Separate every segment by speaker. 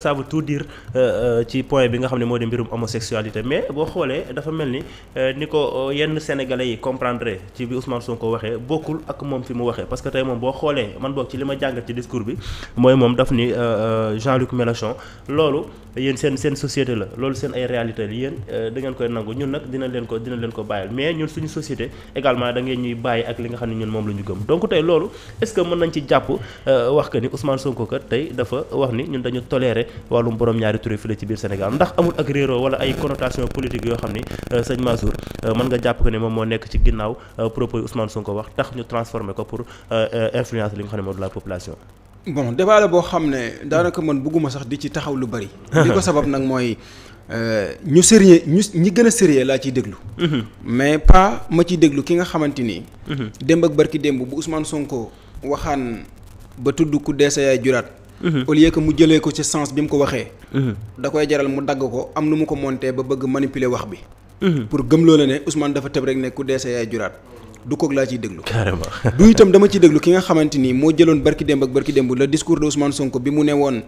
Speaker 1: ça veut tout dire euh, euh, ci point bi nga xam ne moo di mbirum homosexualité mais boo xoolee dafa mel ni euh, ni ko yenn sénégalais yi comprendre ci bi Ousmane ko waxee bokkul ak moom fi mu waxee parce que tey moom boo xoolee man boog ci li ma jàngat ci discours bi mooy moom daf ni Jean-Luc Mélenchon loolu yéen seen seen société la loolu seen ay réalité la yéen da ngeen koy nangu ñun nag dina leen ko dina leen ko bàyyil mais ñun suñu société également da ngeen ñuy bàyyi ak li nga xam ne ñun moom la ñu gëm donc tey loolu est-ce que mën nañ ci jàpp wax que ni Ousmane Sonko kat tey dafa wax ni ñun dañu toléré wàllum borom ñaari tur fii la ci biir Sénégal ndax amul ak réeroo wala ay connotation politique yoo xam ni euh, sëñ Mansour euh, mën nga jàpp ko ne moom moo nekk ci ginnaaw euh, propos Ousmane Sonko wax tax ñu transformer ko pour la population.
Speaker 2: a mhm. ma ciy déglu ki nga xamante ni. Mhm. démb ak barki démb bu Ousmane Sonko waxaan ba tudd ku dee sa yaay juraat. Mhm. au lieu que mu jëlee ko ci sens bi mu ko waxee. Mhm. da koy jaral mu dagg ko am nu mu ko monté ba bëgg manipuler wax bi. Mhm. pour gëmloo la ne Ousmane dafa tëb rek ne ku dee sa yaay juraat du koog laa ciy déglu. carrément du itam dama ciy déglu ki nga xamante ni moo jëloon barki démb ak barki démb la discours de Ousmane Sonko bi mu ne woon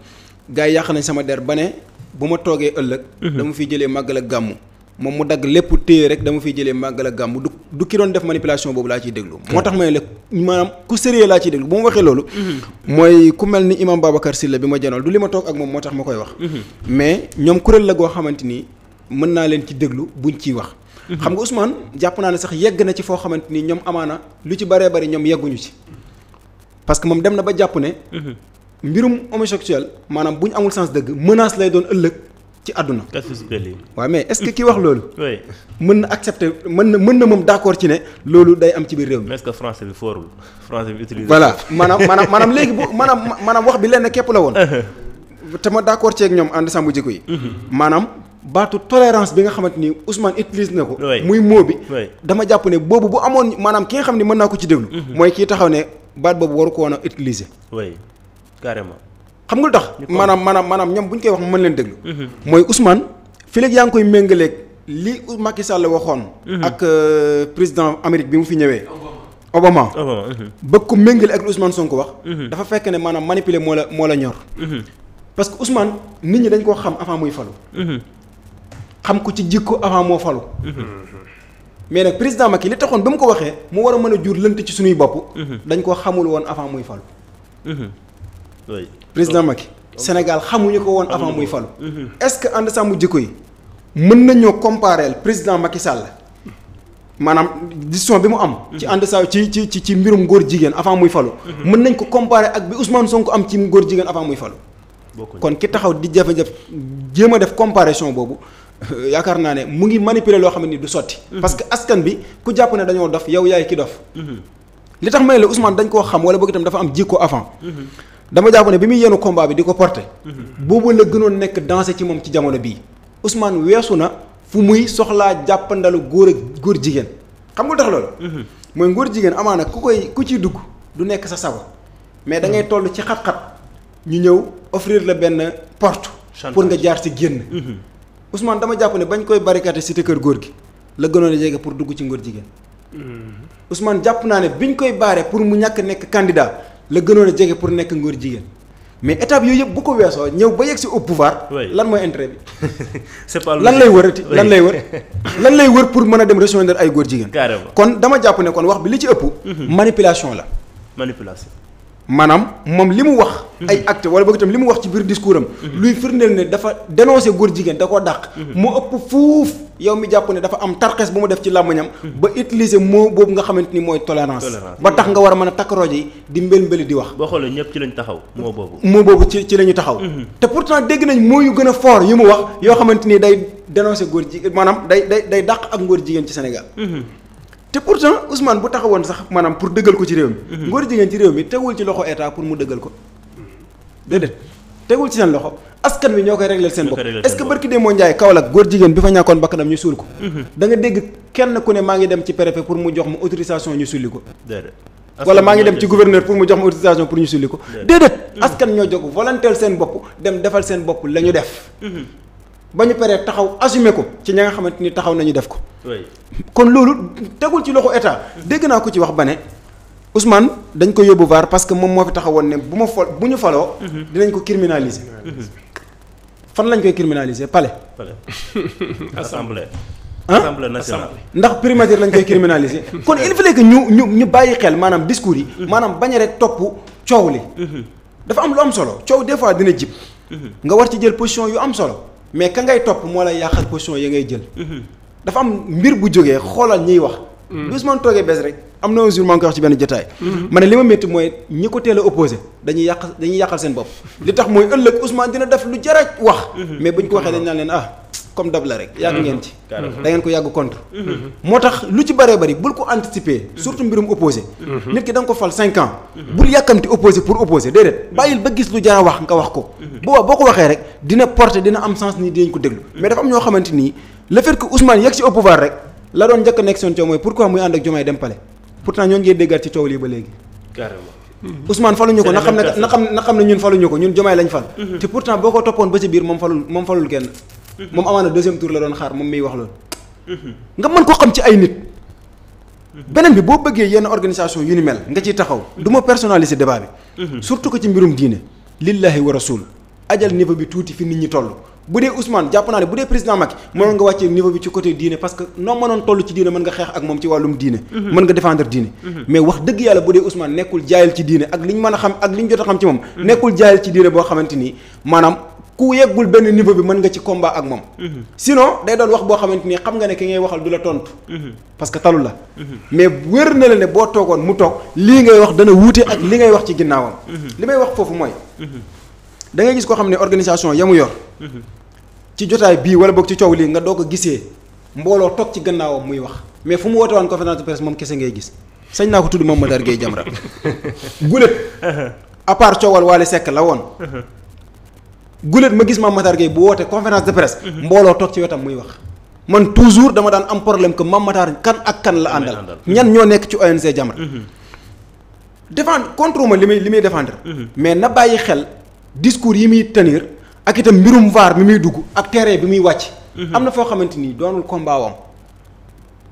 Speaker 2: gars yàq nañ sama der ba ne bu ma toogee ëllëg. dama fiy jëlee màggal ak gàmmu moom mu dagg lépp téye rek dama fiy jëlee màgg la gàmmu du du ki doon def manipulation boobu laa ciy déglu. moo tax may la maanaam ku sérieux laa ciy déglu bu ma waxee loolu. Mhm. mooy ku mel ni imam Babacar Sylla bi ma janool du li ma toog ak moom moo tax ma koy wax. Mhm. mais ñoom kuréel la goo xamante ni mën naa leen ci déglu bu ñu ciy wax. Mhm. xam nga Ousmane jàpp naa ne sax yegg na ci foo xamante ni ñoom amaana lu ci baree bari ñoom yegguñu ci. parce que moom dem na ba jàpp ne. mbirum homosexuel maanaam bu ñu amul sens dëgg menace lay doon ëllëg. ci àdduna. casus belli. waaw mais est-ce ki wax loolu. mën na accepter mën na mën na moom d'accord ci ne loolu day am ci biir réew mi.
Speaker 1: mais est-ce que français bi foorul français bi maanaam maanaam maanaam léegi bu
Speaker 2: maanaam maanaam wax bi lenn képp la woon. Uh-huh. te ma d'accord ceeg ñoom en décembre jikko yi. Uh-huh. maanaam baatu tolérance bi nga xamante ni Ousmane utilise na ko. muy moo bi. dama jàpp ne boobu bu amoon maanaam ki nga xam ne mën naa ko ci déglu. Uh-huh. mooy kii taxaw ne baat boobu waru ko woon a utiliser. oui xam nga lu tax maanaam manaam maanaam ñoom bu ñu koy wax mën leen déglu mhm. mooy Ousmane fii léegi yaa ngi koy méngaleeg li Macky Sall waxoon mhm. ak euh, président Amérique bi mu fi ñëwee Obama bëgg mhm. ko méngale ak lu Ousmane Sonko wax dafa fekk ne maanaam manipuler moo la moo la ñor parce que Ousmane nit ñi dañ koo xam avant muy falu xam ko ci jikko avant moo falu mais nag président Macky li taxoon ba mu ko waxee mu war a mën a jur lënt ci suñuy bopp dañ koo xamul woon avant muy falu président Macky Sénégal xamuñu ko woon avant muy falu est-ce que ànd sàmm jikko yi mën nañoo comparer président Macky Sall maanaam décision bi mu am. ci mhm. ànd saa ci ci ci mbirum góor jigéen avant muy falu. Mhm. mën nañ ko comparer ak bi Ousmane Sonko am ci góor jigéen avant muy falu. kon ki taxaw di jafe-jafe jéem a def comparaison boobu yaakaar naa ne mu ngi manipuler loo xam ne du sotti. Mhm. parce que askan bi ku jàpp ne dañoo dof yow yaay ki dof. li tax ma la Ousmane dañ koo xam wala boog itam dafa am jikko avant. dama jàpp ne bi muy yenu combat bi di ko porté. Mhm. boobu la gënoon nekk dansé ci moom ci jamono bii Ousmane weesu na fu muy soxlaa jàppandalu góor ak góor jigéen xam nga tax loolu. Mhm. mooy ngóor jigéen amaana ku koy ku ciy dugg du nekk sa sago mais da ngay mhm. toll ci xat-xat ñu ñëw offrir la benn porte. pour nga jaar ci génn. Ousmane dama jàpp ne bañ koy barricade cité kër góor gi la gënoon a jege pour dugg ci ngóor jigéen. usman jàpp naa ne bi biñ koy baare pour mu ñàkk nekk candidat la gënoon a jege pour nekk ngóor jigéen mais étape yooyu yëpp bu ko weesoo ñëw ba yegg si au pouvoir. lan mooy intérêt bi. c'est lan lay wër lan lay wër. lan lay wër pour mën a dem rejoindre ay góor jigéen. carrément kon dama jàpp ne kon wax bi li ci ëpp. Mhm. manipulation la. manipulation. maanaam moom li mu wax. Mhm. ay acte wala boog itam li mu wax ci biir discours am. Mhm. luy firndeel ne dafa dénoncé góor jigéen da koo dàq. mu mhm. ëpp fuuf yow mi jàpp ne dafa am tarxes bu mu def ci làmmiñam. ba utiliser mot boobu nga xamante ni mooy tolérance. ba tax nga war a mën a takk rajo yi di mbël mbëli di wax.
Speaker 1: boo xoolee ñëpp ci lañ taxaw
Speaker 2: moo boobu. moo boobu ci ci la ñu taxaw. te pourtant dégg nañ moo yu gën a fort yu mu wax yoo xamante ni day dénoncé góor jigéen maanaam day day day dàq ak góor jigéen ci Sénégal. te pourtant Ousmane bu taxawoon sax maanaam pour dëggal ko ci réew mi. Mhm. ngóor jigéen ci réew mi tegul ci loxo état pour mu dëggal ko déedéet tegul ci seen loxo askan wi ñoo koy réglé seen bopp est-ce que barki Demba Ndiaye Kaolack góor jigéen bi fa mhm. kenn ku ne maa ngi dem ci préfet pour mu jox mu autorisation ñu sulli ko. wala maa ngi dem ci gouverneur pour mu jox ma autorisation pour ñu sulli ko. déedéet mhm. askan ñoo jóg volontaire seen bopp dem defal seen bopp la ñu def. ba ñu paree taxaw assumer ko ci ña nga xamante ni taxaw nañu def ko. kon loolu tegul ci loxo état. dégg naa ko ci wax ba ne Ousmane dañ ko yóbbu VAR parce que moom moo fi taxawoon ne bu ma fal bu ñu faloo. Mhm. dinañ ko criminaliser. Mhm. fan lañ koy criminaliser palais. palais assemblée. assemblée nationale ndax primature lañ koy criminaliser. kon il fa que ñu ñu ñu bàyyi xel maanaam discours yi. Mhm. maanaam bañ a rek topp coow li. dafa am lu am solo coow des fois dina jib. nga war ci jël position yu am solo. mais ka ngay topp moo lay yàqal position ya ngay jël. Mhm. dafa am mbir bu jógee xoolal ñiy wax. lu mhm. Ousmane toogee bés rek. am na un jour maa ngi koy wax ci benn jotaay. Mhm. ma ne li ma métti mooy ñi ko teel a opposé dañuy yàq dañuy yàqal seen bopp. li tax mooy ëllëg Ousmane dina def lu jaraj mhm. ah, la rek. yàgg ngeen ci. Mhm. da ko yàgg contre. moo tax lu ci bëree bëri bul ko anticiper. surtout mbirum opposé. nit ki da nga ko fal 5 ans. bul yàkkamti opposé pour opposé déedéet bàyyil ba gis lu jara wax nga wax ko. boobaa boo ko waxee rek dina porter dina am sens ni dinañ ko déglu. mais dafa am ñoo xamante ni le fait que Ousmane yegg si au rek la doon njëkk a nekk seen coow muy ànd ak Diomaye dem pourtant ñooñu ngeen déggaat ci coow lii ba léegi.
Speaker 1: carrément. Hmm.
Speaker 2: Ousmane faluñu ko na xam ne na xam na xam ne ñun faluñu ko ñun jomaay lañ fal. Mm-hmm. te pourtant boo ko toppoon ba ci biir moom falul moom falul kenn.
Speaker 1: Mm-hmm. moom
Speaker 2: amaana deuxième tour la doon xaar moom miy wax loolu. Mm-hmm. nga mën ko xam ci ay nit. beneen bi boo bëggee yenn organisation yu ni mel nga ciy taxaw du ma personnaliser débat bi. surtout que ci mbirum diine. lillahi wa rasul ajal niveau bi tuuti fi nit ñi toll. bu dee Ousmane jàpp naa ne bu dee président Macky mënoon nga wàccee niveau bi ci côté diine parce que noo mënoon toll ci diine mën nga xeex ak moom ci wàllum diine mhm. mën nga défendre diine mhm. mais wax dëgg yàlla bu dee Ousmane nekkul jaayal ci diine a xam ak li ñu jot a xam ci mhm. boo xamante nii maanaam ku yeggul benn niveau bi mën nga ci komba ak moom sinon day doon wax boo xamante nii xam nga ne ki ngay waxal du la tontu parce talu la mais wér na la ne boo toogoon mu toog lii ngay wax dana wuute ak li ngay wax ci ginnaawam li may wax foofu mooy da ngay gis koo xam ne organisation ya mu yor. ci jotaay bii wala boog ci coow lii nga doo ko gisee mbooloo toog ci gannaawam muy wax mais fu mu woote woon conférence de presse moom kese ngay gis sañ naa ko tudd moom Matar Gueye Jamra gulet à part coowal Wally sekk la woon. gulet ma gis Mame Matar Gueye bu woote conférence de presse. Mhm. mbooloo toog ci wetam muy wax. man toujours dama daan am problème que ma Matar kan ak kan la àndal. ñan ñoo nekk ci ONG Jamra mhm. défendre contre ma li muy li muy défendre. Mhm. mais na bàyyi xel. discours yi muy tenir ak itam mbirum vaar bi muy dugg ak terrain bi muy wàcc. Mhm. am na foo xamante ni doonul combat wam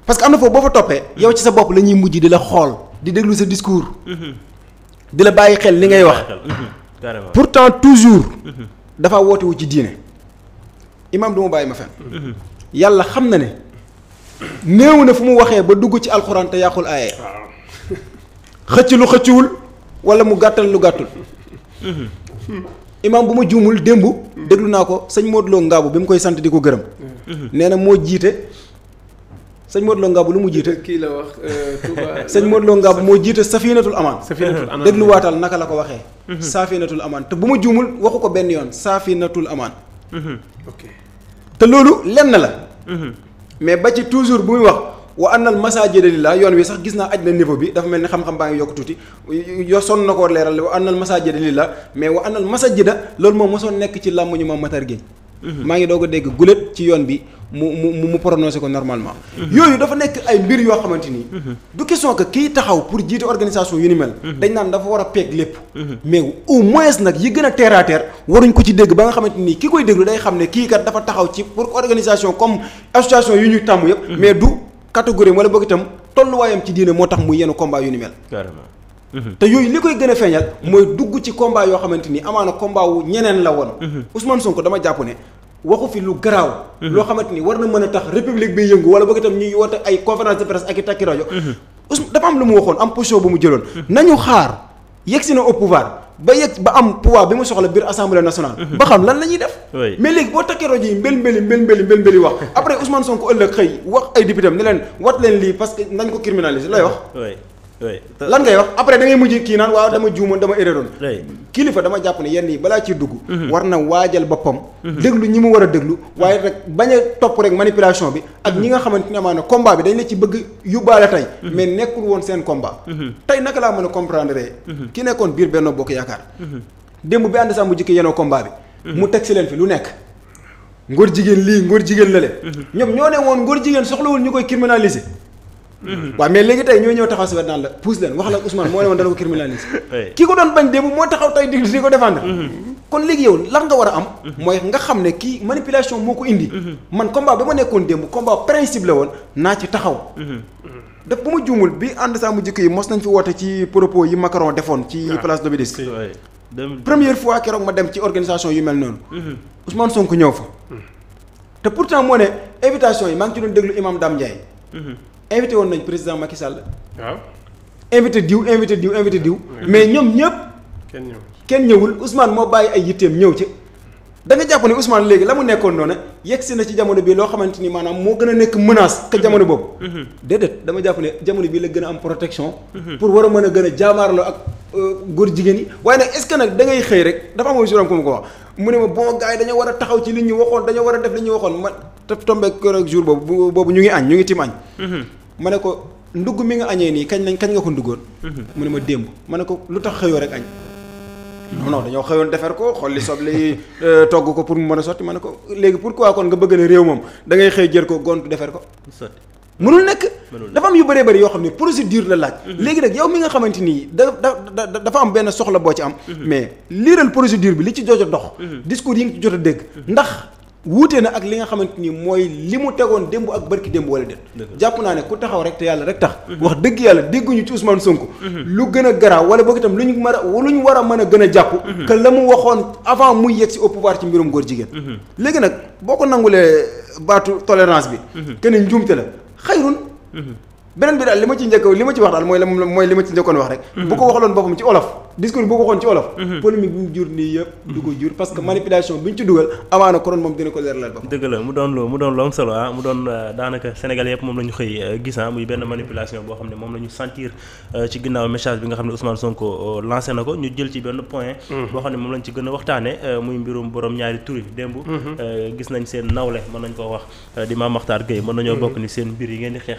Speaker 2: parce que am na foofu boo fa toppee. yow ci sa bopp la ñuy mujj di la xool di déglu sa discours. Mhm. di la bàyyi xel li ngay wax.
Speaker 1: pour mhm. pourtant
Speaker 2: toujours. dafa wootewu ci diine. imaam du ma bàyyi ma fen yàlla xam na ne néew ne fu mu waxee ba dugg ci alxuraan te yàqul aaye. xëcc lu xëccuwul wala mu gàttal lu gàttul. imam bu ma juumul démb. Hmm. déglu naa ko sëñ Modou Lo Ngaabu bi mu koy sant di ko gërëm. Hmm. nee na moo jiite sëñ Modou Ngaabu lu mu jiite. kii la wax euh, Touba. sëñ moo jiite Safinatul Aman. Safinatul Aman dégluwaatal naka la ko waxee. Hmm. Safinatul Aman te bu ma juumul waxu ko benn yoon Safinatul Aman. ok te loolu lenn la. mais ba ci toujours bu muy wax. wa annal masajida la yoon wi sax gis naa aj na niveau bi dafa mel ni xam-xam baa ngi yokk tuuti yo sonn na koo leeral wa annal masajida lillah mais wa annal masajida loolu moom mosoon nekk ci làmmuñu moom Matar Gueye mhm. maa ngi doog a dégg gulet ci yoon bi mu mu mu prononcé ko normalement. Mhm. yooyu dafa nekk ay mbir yoo xamante ni. Mhm. du question que kiy taxaw pour jiite organisation yu ni mel. dañ naan dafa war a peeg lépp. mais au moins nag yi gën a terre à terre waruñ ko ci dégg ba nga xamante ni ki koy déglu day xam ne kii kat dafa taxaw ci pour organisation comme association yu ñuy tàmm yëpp. mais du. catégorie wala boog itam tolluwaayam ci diine moo tax mu yenn combat yu ni mel. Mhm. te yooyu li koy gën a feeñal. Mhm. mooy dugg ci combat yoo xamante ni amaana combat wu ñeneen la woon. Mhm. Ousmane Sonko dama jàpp ne. waxu fi lu garaaw. loo xamante ni war na mën a tax république bi yëngu wala boog itam ñuy woote ay conférence de presse ak i takki rajo. Ousmane dafa am lu mu waxoon am position bu mu jëloon. nañu xaar yegg si na au pouvoir. ba yegg ba am pouvoir bi mu soxla biir assemblée nationale. Mhm. ba xam lan la ñuy def. mais léegi boo takkee rajo yi mbel mbeli mbel mbeli mbel wax après Ousmane Sonko ëllëg xëy wax ay député ne leen wat leen lii parce que nañ ko criminaliser lay wax. lan ngay wax après da ngay mujj kii naan waaw dama juumoon dama erreuroon kilifa dama jàpp ne yenn yi balaa ci dugg mhm. war na waajal boppam mhm. déglu ñi mu war a déglu waaye rek bañ topp rek manipulation bi ak ñi mhm. nga xamante ne amaana combat bi dañ la ci bëgg yóbbaale tey mais nekkul woon seen combat tey naka laa mën a comprendre ki nekkoon biir Benno Bokk Yaakaar démb bi ànd sax mu jikki yenoo combat bi mu teg si leen fi lu nekk ngóor jigéen lii ngóor jigéen lale ñoom ñoo ne woon ngóor jigéen soxlawul ñu koy criminaliser waaw mais léegi tey ñoo ñëw taxaw si wet naan la pousse leen wax la Ousmane moo ne woon dana ko criminaliser kii ko doon bañ démb moo taxaw tey di di ko défendre mhm. kon léegi yow lan nga war a am mhm. mooy nga xam ne kii manipulation moo ko indi mhm. man combat ba ma nekkoon démb combat principe la woon naa ci taxaw daf bu ma juumul bi ànd saa mu jëkk yi mos nañ fi woote ci propos yi Macron defoon ci ah. place de l'Obélisque première fois keroog ma dem ci organisation yu mel noonu Ousmane Sonko ñëw fa te pourtant moo ne invitation yi maa ngi ci doon déglu imam Dame Ndiaye invité woon nañ président Macky Sall. waaw invité diw invité diw invité diw. mais ñoom ñëpp. kenn ñëwul kenn ñëwul Ousmane moo bàyyi ay yitteem ñëw ci. da nga jàpp ne Ousmane léegi la mu nekkoon noonu yegg si na ci jamono bii loo xamante ni maanaam moo gën a nekk menace. que mm-hmm. jamono boobu. Mm-hmm. déedéet dama jàpp ne jamono bii la gën a am protection. Mm-hmm. pour war a mën a gën a jaamaarloo ak euh, góor jigéen yi waaye nag est ce que nag da xëy rek dafa am ay ku ma ko wax mu ne ma bon gars yi war a taxaw ci li ñu waxoon dañoo war a def li waxoon man te tombé keroog jour boobu boobu ñu ngi añ ñu ngi tim añ. Mhm. ma ne ko ndugg mi nga añee nii kañ lañ kañ nga ko nduggoon. Mhm. mu ne ma démb ma ne ko lu tax xëyoo rek añ. non non dañoo xëyoon defar ko xool li soble euh, togg ko pour mu mën a sotti ma ne ko léegi pour pourquoi kon nga bëgg ne réew moom da ngay xëy jël ko gont defar ko. mënul nekk dafa am yu bëree bëri yoo xam ne procédure la laaj mhm. léegi nag yow mi nga xamante nii da da dafa am benn soxla boo ci am mais liiral procédure bi li ci jot a dox discours yi nga jot a dégg ndax wuute na ak li nga xamante ni mooy li mu tegoon démb ak barki démb wala déet jàpp naa ne ku taxaw rek te yàlla rek tax mhm. wax dëgg yàlla dégguñu ci Ousmane Sonko mhm. lu gën a garaaw wala boog itam lu ñu mën a lu ñu war a mën a gën a jàpp mhm. que la mu waxoon avant muy yegg si au pouvoir ci mbirum góor jigéen léegi nag boo ko nangulee baatu tolérance bi kenn njuumte la xayrun beneen bi daal li ma ci njëkk wax daal mooy li ma ci njëkkoon wax rek mhm. bu ko waxaloon boppam ci olof discours bi bu ko waxoon ci olof mhm. polémique bi mu jur nii yëpp du mhm. jur parce que manipulation bi ñu
Speaker 1: xam ne moom la ñu sentir euh, euh, na ko ñu jël ci benn point boo xam ne moom lañ ci gën a waxtaane euh, muy mbirum borom ñaari turi démb gis nañ seen nawle mën nañ ko wax di Mame Makhtar Gueye mën nañoo bokk ni seen mbir yi ngeen di xeex